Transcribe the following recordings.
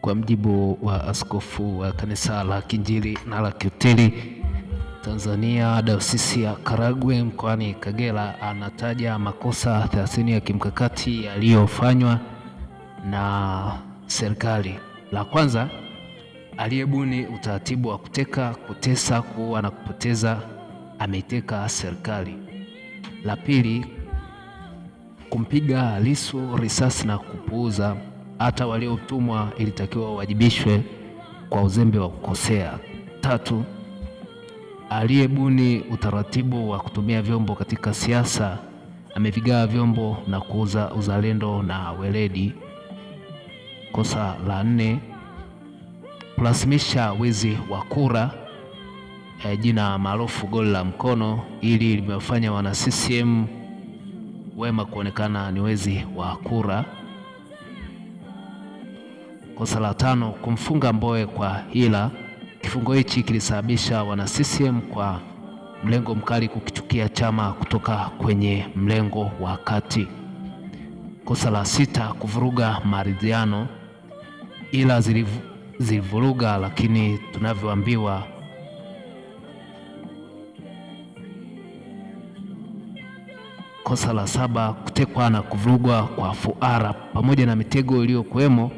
kwa mjibu wa askofu wa kanisa la Kinjili na la Kilutheri Tanzania Dayosisi ya Karagwe mkoani Kagera, anataja makosa 30 ya kimkakati yaliyofanywa na serikali. La kwanza, aliyebuni utaratibu wa kuteka, kutesa, kuua na kupoteza ameiteka serikali. La pili, kumpiga lisu risasi na kupuuza hata waliotumwa ilitakiwa wawajibishwe kwa uzembe wa kukosea. Tatu, aliyebuni utaratibu wa kutumia vyombo katika siasa amevigawa vyombo na kuuza uzalendo na weledi. Kosa la nne, kurasimisha wizi wa kura, eh, jina maarufu goli la mkono. ili limewafanya wana CCM Wema kuonekana ni wezi wa kura. Kosa la tano, kumfunga Mbowe kwa hila. Kifungo hichi kilisababisha wana CCM kwa mlengo mkali kukichukia chama kutoka kwenye mlengo wa kati. Kosa la sita, kuvuruga maridhiano. Ila zilivuruga, lakini tunavyoambiwa Kosa la saba kutekwa na kuvurugwa kwa fuara pamoja na mitego iliyokuwemo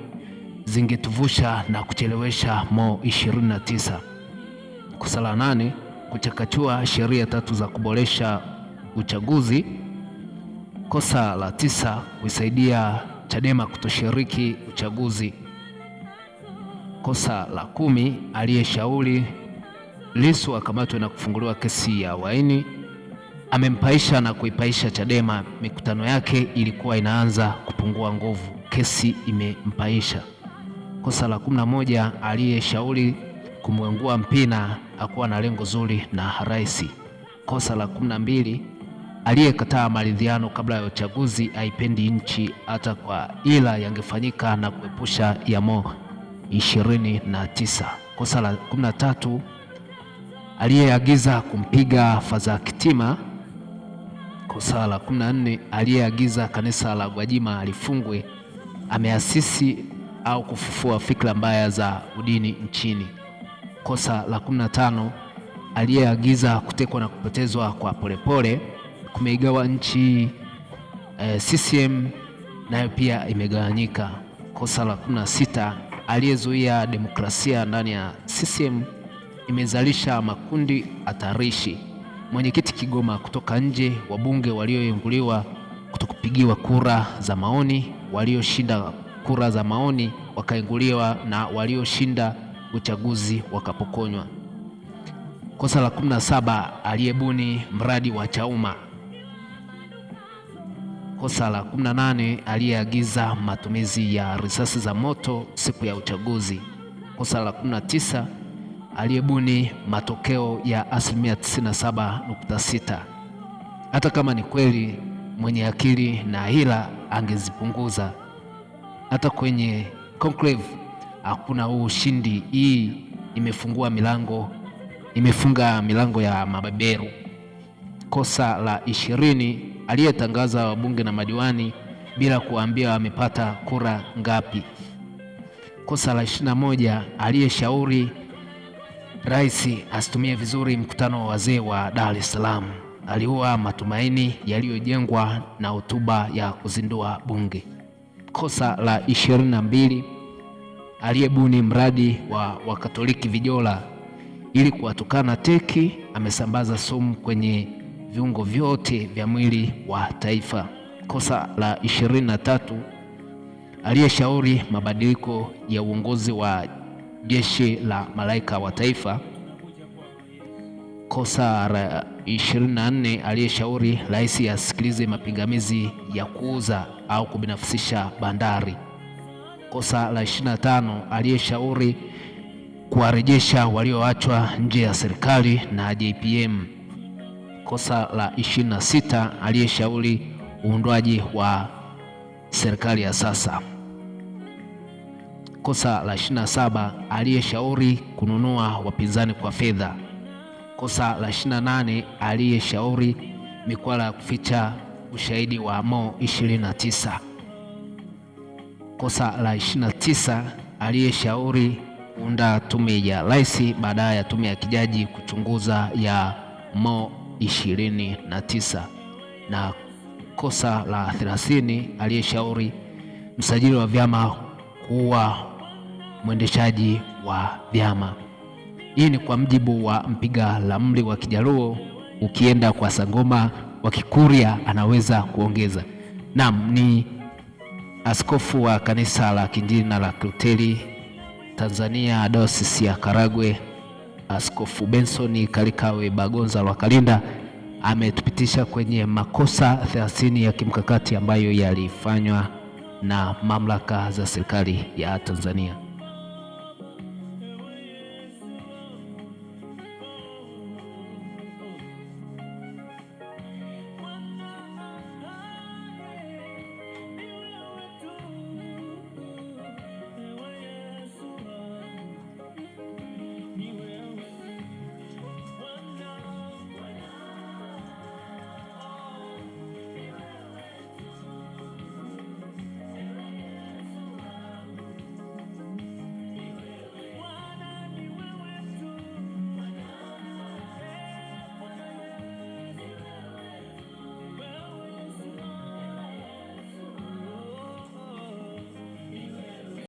zingetuvusha na kuchelewesha Mo 29. Kosa la nane, kuchakachua sheria tatu za kuboresha uchaguzi. Kosa la tisa, kuisaidia Chadema kutoshiriki uchaguzi. Kosa la kumi, aliyeshauri Lissu akamatwe na kufunguliwa kesi ya waini amempaisha na kuipaisha Chadema. Mikutano yake ilikuwa inaanza kupungua nguvu, kesi imempaisha kosa la kumi na moja aliyeshauri kumwengua Mpina hakuwa na lengo zuri na rais. Kosa la kumi na mbili aliyekataa maridhiano kabla ya uchaguzi, aipendi nchi hata kwa ila yangefanyika na kuepusha yamo ishirini na tisa. Kosa la kumi na tatu aliyeagiza kumpiga Fadhaa Kitima. Kosa la kumi na nne aliyeagiza kanisa la Gwajima alifungwe ameasisi au kufufua fikra mbaya za udini nchini. Kosa la 15 aliyeagiza kutekwa na kupotezwa kwa Polepole kumeigawa nchi e, eh, CCM nayo pia imegawanyika. Kosa la 16 aliyezuia demokrasia ndani ya CCM imezalisha makundi hatarishi. Mwenyekiti Kigoma kutoka nje, wabunge walioinguliwa kutokupigiwa kura za maoni, walioshinda kura za maoni wakainguliwa na walioshinda uchaguzi wakapokonywa. Kosa la 17 aliyebuni mradi wa Chauma. Kosa la 18 aliyeagiza matumizi ya risasi za moto siku ya uchaguzi. Kosa la 19 aliyebuni matokeo ya asilimia 97.6. Hata kama ni kweli, mwenye akili na hila angezipunguza hata kwenye conclave hakuna huu ushindi. Hii imefungua milango, imefunga milango ya mabeberu. Kosa la ishirini, aliyetangaza wabunge na madiwani bila kuambia wamepata kura ngapi. Kosa la ishirini na moja, aliyeshauri rais asitumie vizuri mkutano wa wazee wa Dar es Salaam. Aliua matumaini yaliyojengwa na hotuba ya kuzindua bunge kosa la 22 aliyebuni mradi wa Wakatoliki Vijola ili kuwatukana teki amesambaza sumu kwenye viungo vyote vya mwili wa taifa. Kosa la 23 aliyeshauri mabadiliko ya uongozi wa jeshi la malaika wa taifa kosa Kosar 24 aliyeshauri rais asikilize mapingamizi ya kuuza au kubinafsisha bandari. Kosa la 25 aliyeshauri kuwarejesha walioachwa nje ya serikali na JPM. Kosa la 26 aliyeshauri uundwaji wa serikali ya sasa. Kosa la 27 aliyeshauri kununua wapinzani kwa fedha kosa la 28 aliyeshauri mikwala ya kuficha ushahidi wa Mo 29. Kosa la 29 aliyeshauri kuunda tume ya rais baada ya tume ya kijaji kuchunguza ya Mo 29, na kosa la 30 aliyeshauri msajili wa vyama kuwa mwendeshaji wa vyama. Hii ni kwa mjibu wa mpiga ramli wa kijaruo Ukienda kwa Sangoma wa Kikurya anaweza kuongeza. Naam, ni askofu wa kanisa la Kiinjili na la Kilutheri Tanzania, Dayosisi ya Karagwe, Askofu Benson Kalikawe Bagonza kalinda ametupitisha kwenye makosa 30 ya kimkakati ambayo yalifanywa na mamlaka za serikali ya Tanzania.